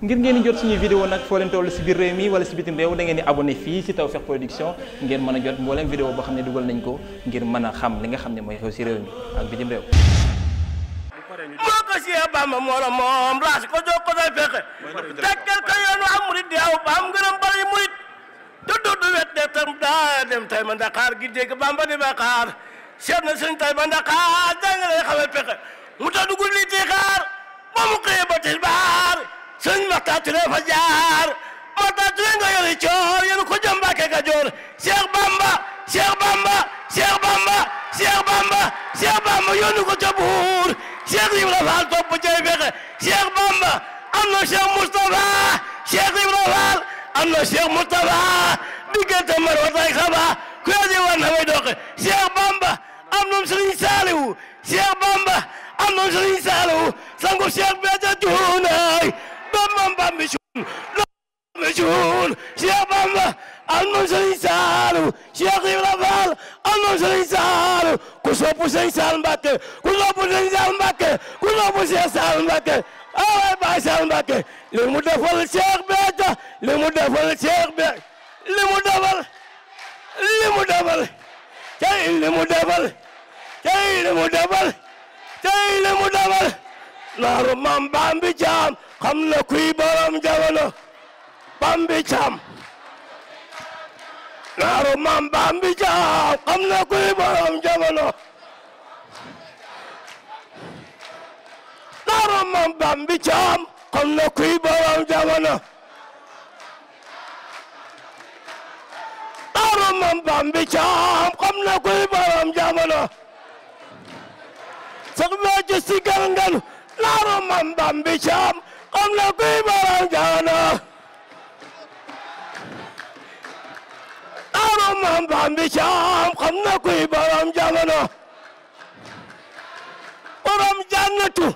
ngir ngeen di jot suñuy vidéo nag foo leen toll si biir réew mi wala si bitim réew da ngeen di abonné fii si Tawfekh Production ngeen mën a jot mbooleem vidéo boo xam ne dugal nañ ko ngir mën a xam li nga xam ne mooy xew si réew mi ak bitim réew boo ko si Bamba moo la moom laas ko jox ko say fexe tekkal ko yoonu am murit di aw ba am ngërëm bari murit du du du wet de tam daa dem tay ma Ndakaar gi dégg Bamba di ba xaar seet na sëñ tay ma Ndakaar da nga lay xamee pexe mu xaar sëñ Maxtaar Ture fa jaar Maxtaar nga yori coor ko jëm Mbàkke Kajoor Cheikh Bamba Cheikh Bamba Cheikh Bamba Cheikh ko ca buur Cheikh Ibra Faal topp cay fexe Cheikh Bamba am na Cheikh Moustapha Cheikh Ibra Faal am na Cheikh Moustapha diggante mar wataay xaba ku yàgg war na may doxe Cheikh Bamba am na Sëriñ Saaliwu Cheikh Bamba am bi ca juunaay bambam bambi cuun bambi cuun Cheikh Bamba am noon Sëriñ Saalu Cheikh Ibra Faal am noon Sëriñ Saalu ku soppu Sëriñ Saal Mbàkke ku soppu Sëriñ Saal Mbàkke ku soppu Cheikh Saal Mbàkke awaay Baay Saal Mbàkke li mu defal Cheikh Béthio li mu defal Cheikh Béthio li mu defal li mu defal tey li mu defal tey li mu defal tey li mu defal naaru maam bambi caam xam na kuy borom jamono bambi caam naaru maam bambi caam xam na kuy borom jamono naaru maam bambi caam xam na kuy borom jamono naaru maam bambi caam xam na kuy borom jamono sax ma ci si gangan laaru mam bambi caam am na kuy borom jaana borom jamono borom jannatu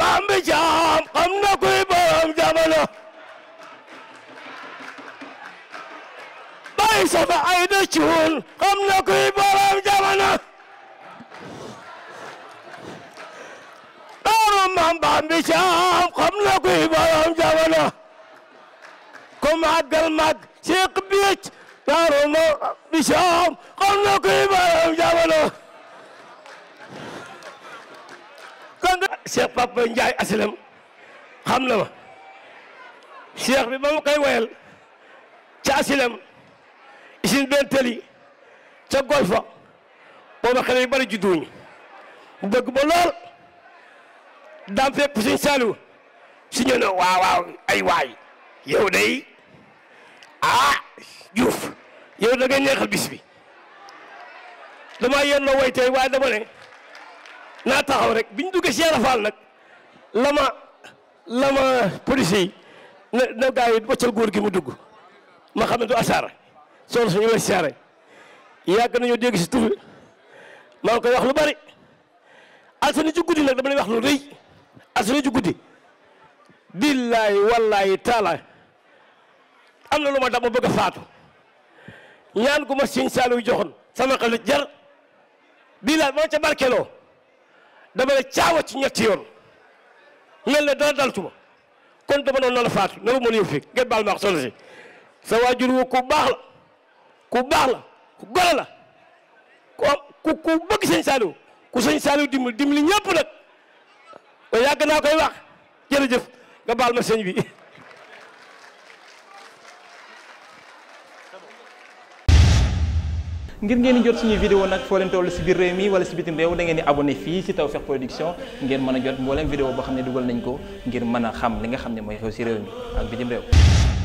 bambi caam xam na kuy borom jamono bay sama ay da cuun xam na kuy borom jamono maam baam bi caam xam na kuy borom jamono ku màggal màgg Cheikh Bic Daaru Maam bi caam xam na kuy borom jamono kon Cheikh Papa Ndiaye Asilem xam na ma Cheikh bi ba mu koy woyal ca Asilem isin benn tëli ca Golfa booba xale yu bari judduwuñu mu bëgg ba lool daam fekk suñ Saliou su ñëw na waaw waaw ay waay yow day ah Diouf yow da neexal bis bi dama yen la way tey waaye dama ne naa taxaw rek bi ñu duggee si Fall nag lama lama police yi na na gaa góor gi mu dugg ma xam ne du asaar soxna suñu lay siyaare yàgg nañoo dégg si tur maa koy wax lu bari alsani ci guddi nag dama lay wax lu rëy asra ju guddi billaahi wallaahi taala am na lu ma dab ma bëgg a faatu ñaan gu ma sëñ Saaliw joxoon sama xel jar billaahi ma ca barkeloo dama la caawa ci ñetti yoon mel ne dara dal tuma kon dama noonu la faatu na ma mën a ngeen baal ma wax si sa waajur wu ku baax ku baax ku golo ku bëgg sëñ ku sëñ Saaliw dimbali dimbali ñëpp te yàgg naa koy wax jërëjëf nga baal ma sëñ bi ngir ngeen jot suñuy vidéo nag foo leen toll si biir réew mi wala si bitim réew da ngeen di abonné fii si Tawfekh Production ngeen mën a jot mbooleem vidéo boo xam ne dugal nañ ko ngir mën a xam li nga xam ne mooy xew si réew mi ak bitim réew